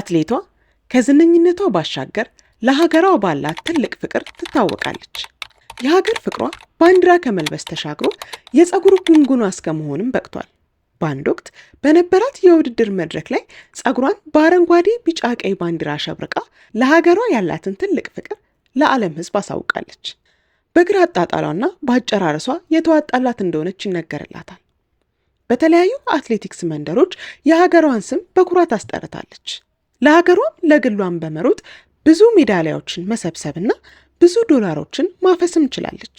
አትሌቷ ከዝነኝነቷ ባሻገር ለሀገሯ ባላት ትልቅ ፍቅር ትታወቃለች። የሀገር ፍቅሯ ባንዲራ ከመልበስ ተሻግሮ የፀጉር ጉንጉኗ አስከመሆንም በቅቷል። በአንድ ወቅት በነበራት የውድድር መድረክ ላይ ፀጉሯን በአረንጓዴ፣ ቢጫ፣ ቀይ ባንዲራ አሸብርቃ ለሀገሯ ያላትን ትልቅ ፍቅር ለዓለም ሕዝብ አሳውቃለች። በግራ አጣጣሏና በአጨራረሷ የተዋጣላት እንደሆነች ይነገርላታል። በተለያዩ አትሌቲክስ መንደሮች የሀገሯን ስም በኩራት አስጠርታለች። ለሀገሯም ለግሏም በመሮጥ ብዙ ሜዳሊያዎችን መሰብሰብና ብዙ ዶላሮችን ማፈስም ችላለች።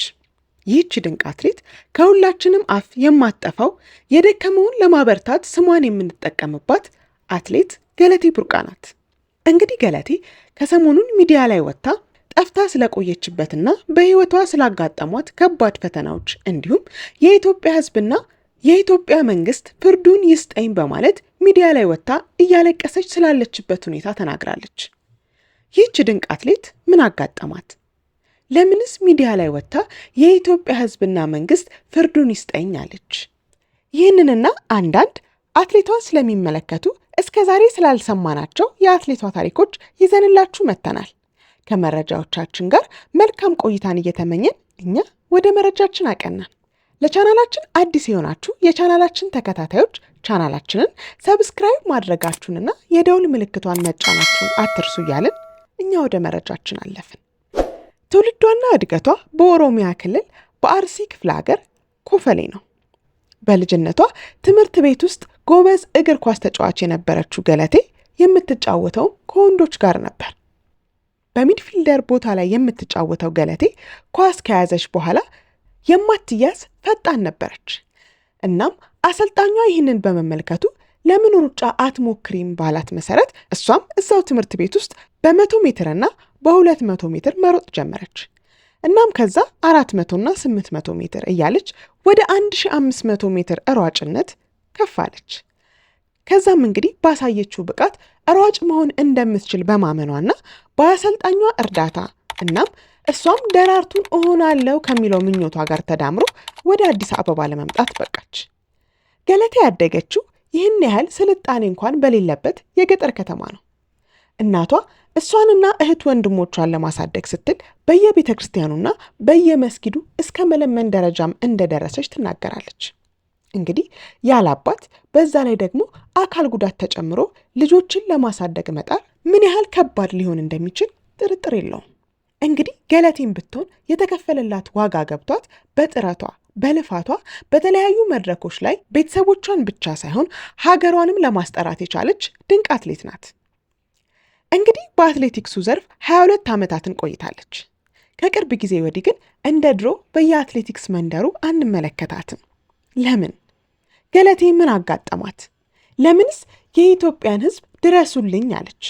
ይህች ድንቅ አትሌት ከሁላችንም አፍ የማትጠፋው የደከመውን ለማበርታት ስሟን የምንጠቀምባት አትሌት ገለቴ ቡርቃ ናት። እንግዲህ ገለቴ ከሰሞኑን ሚዲያ ላይ ወጥታ ጠፍታ ስለቆየችበትና በሕይወቷ ስላጋጠሟት ከባድ ፈተናዎች እንዲሁም የኢትዮጵያ ሕዝብና የኢትዮጵያ መንግስት ፍርዱን ይስጠኝ በማለት ሚዲያ ላይ ወጥታ እያለቀሰች ስላለችበት ሁኔታ ተናግራለች። ይህች ድንቅ አትሌት ምን አጋጠማት? ለምንስ ሚዲያ ላይ ወጥታ የኢትዮጵያ ሕዝብና መንግስት ፍርዱን ይስጠኝ አለች? ይህንንና አንዳንድ አትሌቷን ስለሚመለከቱ እስከ ዛሬ ስላልሰማናቸው የአትሌቷ ታሪኮች ይዘንላችሁ መጥተናል። ከመረጃዎቻችን ጋር መልካም ቆይታን እየተመኘን እኛ ወደ መረጃችን አቀናን። ለቻናላችን አዲስ የሆናችሁ የቻናላችን ተከታታዮች ቻናላችንን ሰብስክራይብ ማድረጋችሁንና የደውል ምልክቷን መጫናችሁን አትርሱ እያልን እኛ ወደ መረጃችን አለፍን። ትውልዷና እድገቷ በኦሮሚያ ክልል በአርሲ ክፍለ ሀገር ኮፈሌ ነው። በልጅነቷ ትምህርት ቤት ውስጥ ጎበዝ እግር ኳስ ተጫዋች የነበረችው ገለቴ የምትጫወተውም ከወንዶች ጋር ነበር። በሚድፊልደር ቦታ ላይ የምትጫወተው ገለቴ ኳስ ከያዘች በኋላ የማትያዝ ፈጣን ነበረች። እናም አሰልጣኟ ይህንን በመመልከቱ ለምን ሩጫ አትሞክሪም ባላት መሰረት እሷም እዛው ትምህርት ቤት ውስጥ በመቶ ሜትርና በሁለት መቶ ሜትር መሮጥ ጀመረች። እናም ከዛ አራት መቶና ስምንት መቶ ሜትር እያለች ወደ አንድ ሺ አምስት መቶ ሜትር እሯጭነት ከፋለች። ከዛም እንግዲህ ባሳየችው ብቃት ሯጭ መሆን እንደምትችል በማመኗና በአሰልጣኟ እርዳታ እናም እሷም ደራርቱ እሆናለሁ ከሚለው ምኞቷ ጋር ተዳምሮ ወደ አዲስ አበባ ለመምጣት በቃች። ገለቴ ያደገችው ይህን ያህል ስልጣኔ እንኳን በሌለበት የገጠር ከተማ ነው። እናቷ እሷንና እህት ወንድሞቿን ለማሳደግ ስትል በየቤተ ክርስቲያኑና በየመስጊዱ እስከ መለመን ደረጃም እንደደረሰች ትናገራለች። እንግዲህ ያለ አባት በዛ ላይ ደግሞ አካል ጉዳት ተጨምሮ ልጆችን ለማሳደግ መጣር ምን ያህል ከባድ ሊሆን እንደሚችል ጥርጥር የለውም። እንግዲህ ገለቴን ብትሆን የተከፈለላት ዋጋ ገብቷት በጥረቷ በልፋቷ በተለያዩ መድረኮች ላይ ቤተሰቦቿን ብቻ ሳይሆን ሀገሯንም ለማስጠራት የቻለች ድንቅ አትሌት ናት። እንግዲህ በአትሌቲክሱ ዘርፍ 22 ዓመታትን ቆይታለች። ከቅርብ ጊዜ ወዲህ ግን እንደ ድሮ በየአትሌቲክስ መንደሩ አንመለከታትም። ለምን? ገለቴ ምን አጋጠማት? ለምንስ የኢትዮጵያን ሕዝብ ድረሱልኝ አለች?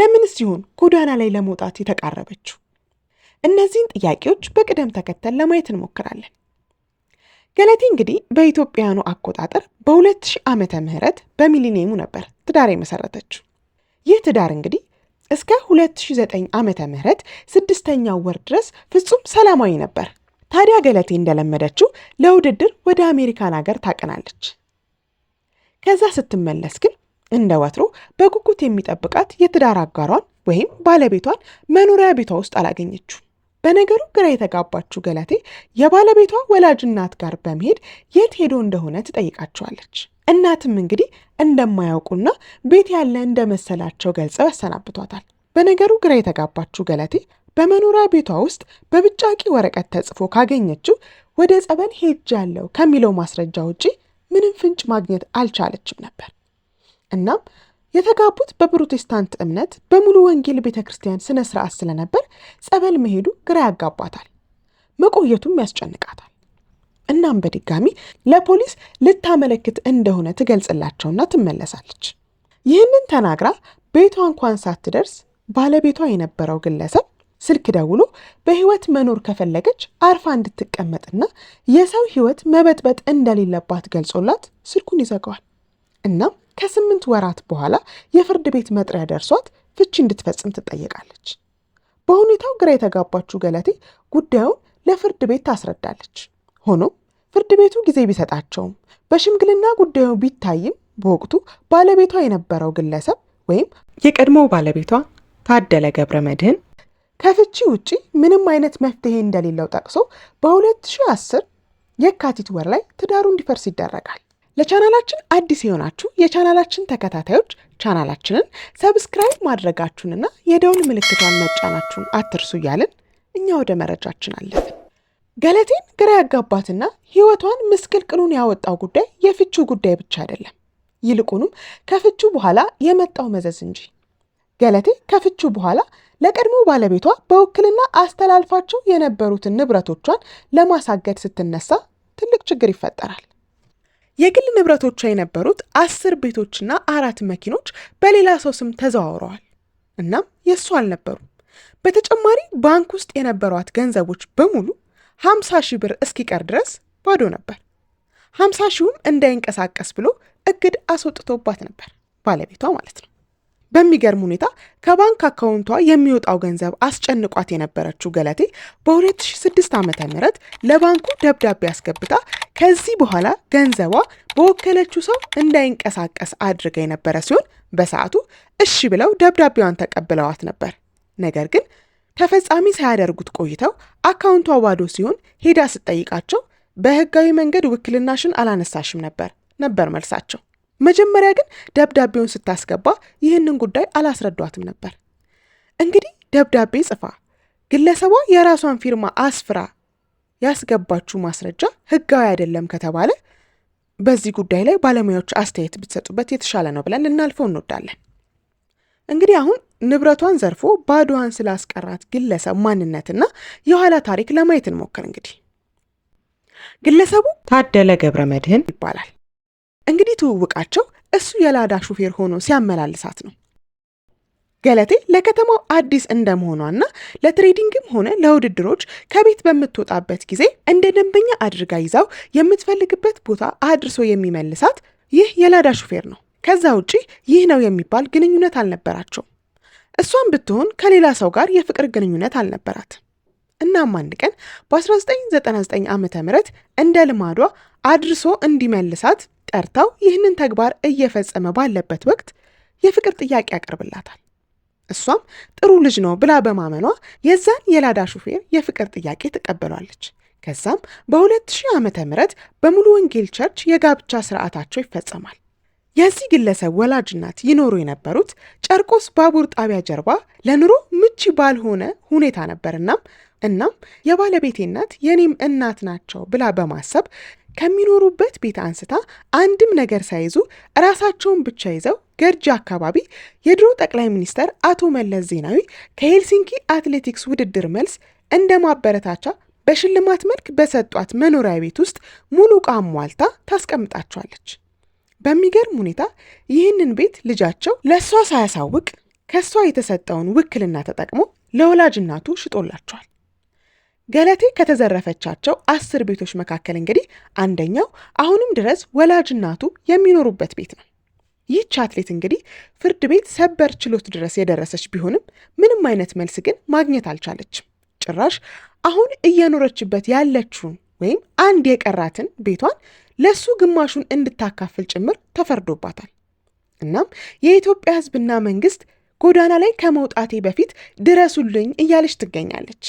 ለምንስ ይሆን ጎዳና ላይ ለመውጣት የተቃረበችው? እነዚህን ጥያቄዎች በቅደም ተከተል ለማየት እንሞክራለን። ገለቴ እንግዲህ በኢትዮጵያውያኑ አቆጣጠር በ2000 ዓመተ ምህረት በሚሊኒየሙ ነበር ትዳር የመሰረተችው። ይህ ትዳር እንግዲህ እስከ 2009 ዓመተ ምህረት ስድስተኛው ወር ድረስ ፍጹም ሰላማዊ ነበር። ታዲያ ገለቴ እንደለመደችው ለውድድር ወደ አሜሪካን ሀገር ታቀናለች። ከዛ ስትመለስ ግን እንደ ወትሮ በጉጉት የሚጠብቃት የትዳር አጋሯን ወይም ባለቤቷን መኖሪያ ቤቷ ውስጥ አላገኘችው። በነገሩ ግራ የተጋባችው ገለቴ የባለቤቷ ወላጅ እናት ጋር በመሄድ የት ሄዶ እንደሆነ ትጠይቃቸዋለች። እናትም እንግዲህ እንደማያውቁና ቤት ያለ እንደመሰላቸው ገልጸው ያሰናብቷታል። በነገሩ ግራ የተጋባችው ገለቴ በመኖሪያ ቤቷ ውስጥ በብጫቂ ወረቀት ተጽፎ ካገኘችው ወደ ጸበል ሄጃለሁ ከሚለው ማስረጃ ውጪ ምንም ፍንጭ ማግኘት አልቻለችም ነበር። እናም የተጋቡት በፕሮቴስታንት እምነት በሙሉ ወንጌል ቤተ ክርስቲያን ስነ ስርዓት ስለነበር ጸበል መሄዱ ግራ ያጋባታል፣ መቆየቱም ያስጨንቃታል። እናም በድጋሚ ለፖሊስ ልታመለክት እንደሆነ ትገልጽላቸውና ትመለሳለች። ይህንን ተናግራ ቤቷ እንኳን ሳትደርስ ባለቤቷ የነበረው ግለሰብ ስልክ ደውሎ በህይወት መኖር ከፈለገች አርፋ እንድትቀመጥና የሰው ህይወት መበጥበጥ እንደሌለባት ገልጾላት ስልኩን ይዘጋዋል። እናም ከስምንት ወራት በኋላ የፍርድ ቤት መጥሪያ ደርሷት ፍቺ እንድትፈጽም ትጠየቃለች። በሁኔታው ግራ የተጋባችው ገለቴ ጉዳዩን ለፍርድ ቤት ታስረዳለች። ሆኖም ፍርድ ቤቱ ጊዜ ቢሰጣቸውም በሽምግልና ጉዳዩ ቢታይም በወቅቱ ባለቤቷ የነበረው ግለሰብ ወይም የቀድሞ ባለቤቷ ታደለ ገብረ መድህን ከፍቺ ውጪ ምንም አይነት መፍትሄ እንደሌለው ጠቅሶ በ2010 የካቲት ወር ላይ ትዳሩ እንዲፈርስ ይደረጋል። ለቻናላችን አዲስ የሆናችሁ የቻናላችን ተከታታዮች ቻናላችንን ሰብስክራይብ ማድረጋችሁንና የደውል ምልክቷን መጫናችሁን አትርሱ እያልን እኛ ወደ መረጃችን አለን። ገለቴን ግራ ያጋባትና ሕይወቷን ምስቅልቅሉን ያወጣው ጉዳይ የፍቹ ጉዳይ ብቻ አይደለም፣ ይልቁንም ከፍቹ በኋላ የመጣው መዘዝ እንጂ። ገለቴ ከፍቹ በኋላ ለቀድሞ ባለቤቷ በውክልና አስተላልፋቸው የነበሩትን ንብረቶቿን ለማሳገድ ስትነሳ ትልቅ ችግር ይፈጠራል። የግል ንብረቶቿ የነበሩት አስር ቤቶችና አራት መኪኖች በሌላ ሰው ስም ተዘዋውረዋል። እናም የእሱ አልነበሩም። በተጨማሪ ባንክ ውስጥ የነበሯት ገንዘቦች በሙሉ 50 ሺህ ብር እስኪቀር ድረስ ባዶ ነበር። 50 ሺሁም እንዳይንቀሳቀስ ብሎ እግድ አስወጥቶባት ነበር፣ ባለቤቷ ማለት ነው። በሚገርም ሁኔታ ከባንክ አካውንቷ የሚወጣው ገንዘብ አስጨንቋት የነበረችው ገለቴ በ2006 ዓ ም ለባንኩ ደብዳቤ አስገብታ ከዚህ በኋላ ገንዘቧ በወከለችው ሰው እንዳይንቀሳቀስ አድርጋ የነበረ ሲሆን በሰዓቱ እሺ ብለው ደብዳቤዋን ተቀብለዋት ነበር። ነገር ግን ተፈጻሚ ሳያደርጉት ቆይተው አካውንቷ ባዶ ሲሆን ሄዳ ስጠይቃቸው በህጋዊ መንገድ ውክልናሽን አላነሳሽም ነበር ነበር መልሳቸው። መጀመሪያ ግን ደብዳቤውን ስታስገባ ይህንን ጉዳይ አላስረዷትም ነበር። እንግዲህ ደብዳቤ ጽፋ ግለሰቧ የራሷን ፊርማ አስፍራ ያስገባችው ማስረጃ ህጋዊ አይደለም ከተባለ በዚህ ጉዳይ ላይ ባለሙያዎች አስተያየት ብትሰጡበት የተሻለ ነው ብለን ልናልፈው እንወዳለን። እንግዲህ አሁን ንብረቷን ዘርፎ ባዶዋን ስላስቀራት ግለሰብ ማንነትና የኋላ ታሪክ ለማየት እንሞክር። እንግዲህ ግለሰቡ ታደለ ገብረ መድህን ይባላል። እንግዲህ ትውውቃቸው እሱ የላዳ ሹፌር ሆኖ ሲያመላልሳት ነው። ገለቴ ለከተማው አዲስ እንደመሆኗና ለትሬዲንግም ሆነ ለውድድሮች ከቤት በምትወጣበት ጊዜ እንደ ደንበኛ አድርጋ ይዛው የምትፈልግበት ቦታ አድርሶ የሚመልሳት ይህ የላዳ ሹፌር ነው። ከዛ ውጪ ይህ ነው የሚባል ግንኙነት አልነበራቸውም። እሷም ብትሆን ከሌላ ሰው ጋር የፍቅር ግንኙነት አልነበራት። እናም አንድ ቀን በ1999 ዓ ም እንደ ልማዷ አድርሶ እንዲመልሳት ጠርታው ይህንን ተግባር እየፈጸመ ባለበት ወቅት የፍቅር ጥያቄ ያቀርብላታል። እሷም ጥሩ ልጅ ነው ብላ በማመኗ የዛን የላዳ ሹፌር የፍቅር ጥያቄ ትቀበሏለች። ከዛም በ2000 ዓ ም በሙሉ ወንጌል ቸርች የጋብቻ ስርዓታቸው ይፈጸማል። የዚህ ግለሰብ ወላጅ ይኖሩ የነበሩት ጨርቆስ ባቡር ጣቢያ ጀርባ ለኑሮ ምቺ ባልሆነ ሁኔታ ነበርና እናም እናም የባለቤቴ እናት የኔም እናት ናቸው ብላ በማሰብ ከሚኖሩበት ቤት አንስታ አንድም ነገር ሳይዙ ራሳቸውን ብቻ ይዘው ገርጂ አካባቢ የድሮ ጠቅላይ ሚኒስተር አቶ መለስ ዜናዊ ከሄልሲንኪ አትሌቲክስ ውድድር መልስ እንደ ማበረታቻ በሽልማት መልክ በሰጧት መኖሪያ ቤት ውስጥ ሙሉ ዕቃ አሟልታ ታስቀምጣቸዋለች። በሚገርም ሁኔታ ይህንን ቤት ልጃቸው ለእሷ ሳያሳውቅ ከእሷ የተሰጠውን ውክልና ተጠቅሞ ለወላጅናቱ ሽጦላቸዋል። ገለቴ ከተዘረፈቻቸው አስር ቤቶች መካከል እንግዲህ አንደኛው አሁንም ድረስ ወላጅ እናቱ የሚኖሩበት ቤት ነው። ይህች አትሌት እንግዲህ ፍርድ ቤት ሰበር ችሎት ድረስ የደረሰች ቢሆንም ምንም አይነት መልስ ግን ማግኘት አልቻለችም። ጭራሽ አሁን እየኖረችበት ያለችውን ወይም አንድ የቀራትን ቤቷን ለሱ ግማሹን እንድታካፍል ጭምር ተፈርዶባታል። እናም የኢትዮጵያ ሕዝብና መንግስት ጎዳና ላይ ከመውጣቴ በፊት ድረሱልኝ እያለች ትገኛለች።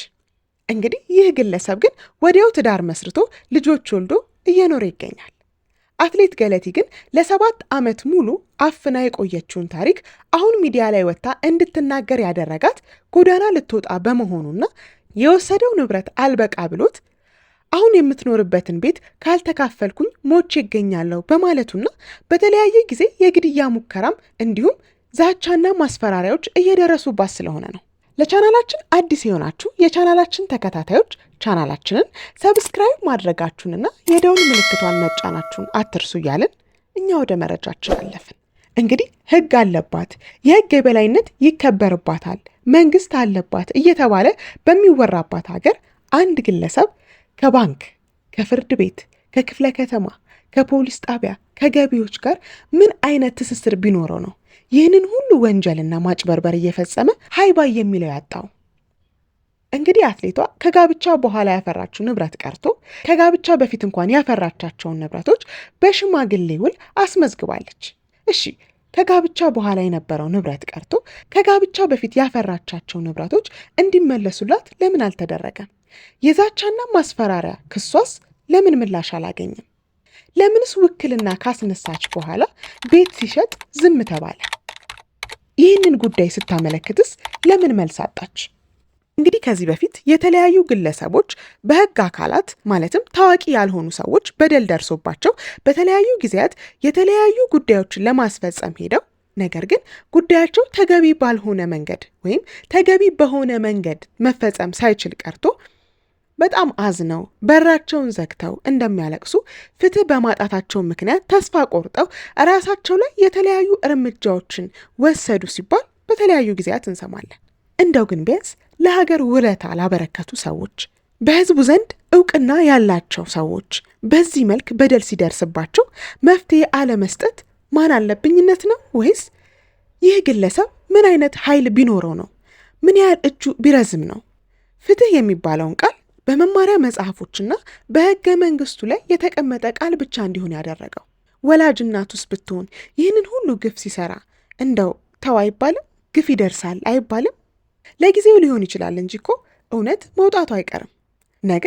እንግዲህ ይህ ግለሰብ ግን ወዲያው ትዳር መስርቶ ልጆች ወልዶ እየኖረ ይገኛል። አትሌት ገለቲ ግን ለሰባት ዓመት ሙሉ አፍና የቆየችውን ታሪክ አሁን ሚዲያ ላይ ወጥታ እንድትናገር ያደረጋት ጎዳና ልትወጣ በመሆኑና የወሰደው ንብረት አልበቃ ብሎት አሁን የምትኖርበትን ቤት ካልተካፈልኩኝ ሞቼ ይገኛለሁ በማለቱና በተለያየ ጊዜ የግድያ ሙከራም እንዲሁም ዛቻና ማስፈራሪያዎች እየደረሱባት ስለሆነ ነው። ለቻናላችን አዲስ የሆናችሁ የቻናላችን ተከታታዮች ቻናላችንን ሰብስክራይብ ማድረጋችሁንና የደውል ምልክቷን መጫናችሁን አትርሱ እያልን እኛ ወደ መረጃችን አለፍን። እንግዲህ ህግ አለባት፣ የህግ የበላይነት ይከበርባታል፣ መንግስት አለባት እየተባለ በሚወራባት ሀገር አንድ ግለሰብ ከባንክ፣ ከፍርድ ቤት፣ ከክፍለ ከተማ፣ ከፖሊስ ጣቢያ፣ ከገቢዎች ጋር ምን አይነት ትስስር ቢኖረው ነው ይህንን ሁሉ ወንጀልና ማጭበርበር እየፈጸመ ሀይባ የሚለው ያጣው። እንግዲህ አትሌቷ ከጋብቻ በኋላ ያፈራችው ንብረት ቀርቶ ከጋብቻ በፊት እንኳን ያፈራቻቸውን ንብረቶች በሽማግሌ ውል አስመዝግባለች። እሺ ከጋብቻ በኋላ የነበረው ንብረት ቀርቶ ከጋብቻ በፊት ያፈራቻቸው ንብረቶች እንዲመለሱላት ለምን አልተደረገም? የዛቻና ማስፈራሪያ ክሷስ ለምን ምላሽ አላገኘም? ለምንስ ውክልና ካስነሳች በኋላ ቤት ሲሸጥ ዝም ተባለ? ይህንን ጉዳይ ስታመለክትስ ለምን መልስ አጣች? እንግዲህ ከዚህ በፊት የተለያዩ ግለሰቦች በህግ አካላት ማለትም ታዋቂ ያልሆኑ ሰዎች በደል ደርሶባቸው በተለያዩ ጊዜያት የተለያዩ ጉዳዮችን ለማስፈጸም ሄደው ነገር ግን ጉዳያቸው ተገቢ ባልሆነ መንገድ ወይም ተገቢ በሆነ መንገድ መፈጸም ሳይችል ቀርቶ በጣም አዝነው በራቸውን ዘግተው እንደሚያለቅሱ ፍትህ በማጣታቸው ምክንያት ተስፋ ቆርጠው ራሳቸው ላይ የተለያዩ እርምጃዎችን ወሰዱ ሲባል በተለያዩ ጊዜያት እንሰማለን። እንደው ግን ቢያንስ ለሀገር ውለታ ላበረከቱ ሰዎች፣ በህዝቡ ዘንድ እውቅና ያላቸው ሰዎች በዚህ መልክ በደል ሲደርስባቸው መፍትሄ አለመስጠት ማን አለብኝነት ነው ወይስ ይህ ግለሰብ ምን አይነት ኃይል ቢኖረው ነው? ምን ያህል እጁ ቢረዝም ነው? ፍትህ የሚባለውን ቃል በመማሪያ መጽሐፎችና በህገ መንግስቱ ላይ የተቀመጠ ቃል ብቻ እንዲሆን ያደረገው? ወላጅ እናቱስ ብትሆን ይህንን ሁሉ ግፍ ሲሰራ እንደው ተው አይባልም? ግፍ ይደርሳል አይባልም? ለጊዜው ሊሆን ይችላል እንጂ እኮ እውነት መውጣቱ አይቀርም። ነገ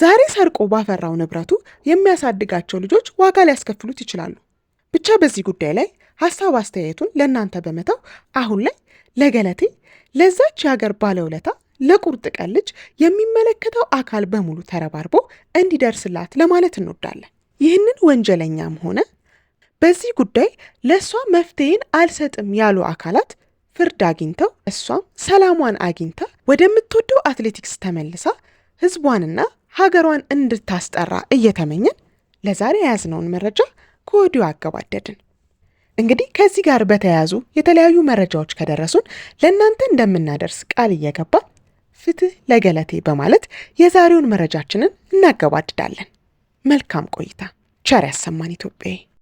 ዛሬ ሰርቆ ባፈራው ንብረቱ የሚያሳድጋቸው ልጆች ዋጋ ሊያስከፍሉት ይችላሉ። ብቻ በዚህ ጉዳይ ላይ ሀሳብ አስተያየቱን ለእናንተ በመተው አሁን ላይ ለገለቴ ለዛች የሀገር ባለውለታ ለቁርጥ ቀን ልጅ የሚመለከተው አካል በሙሉ ተረባርቦ እንዲደርስላት ለማለት እንወዳለን። ይህንን ወንጀለኛም ሆነ በዚህ ጉዳይ ለእሷ መፍትሄን አልሰጥም ያሉ አካላት ፍርድ አግኝተው እሷም ሰላሟን አግኝታ ወደምትወደው አትሌቲክስ ተመልሳ ህዝቧንና ሀገሯን እንድታስጠራ እየተመኘን ለዛሬ የያዝነውን መረጃ ከወዲሁ አገባደድን። እንግዲህ ከዚህ ጋር በተያያዙ የተለያዩ መረጃዎች ከደረሱን ለእናንተ እንደምናደርስ ቃል እየገባ ፍትህ ለገለቴ በማለት የዛሬውን መረጃችንን እናገባድዳለን። መልካም ቆይታ። ቸር ያሰማን ኢትዮጵያዊ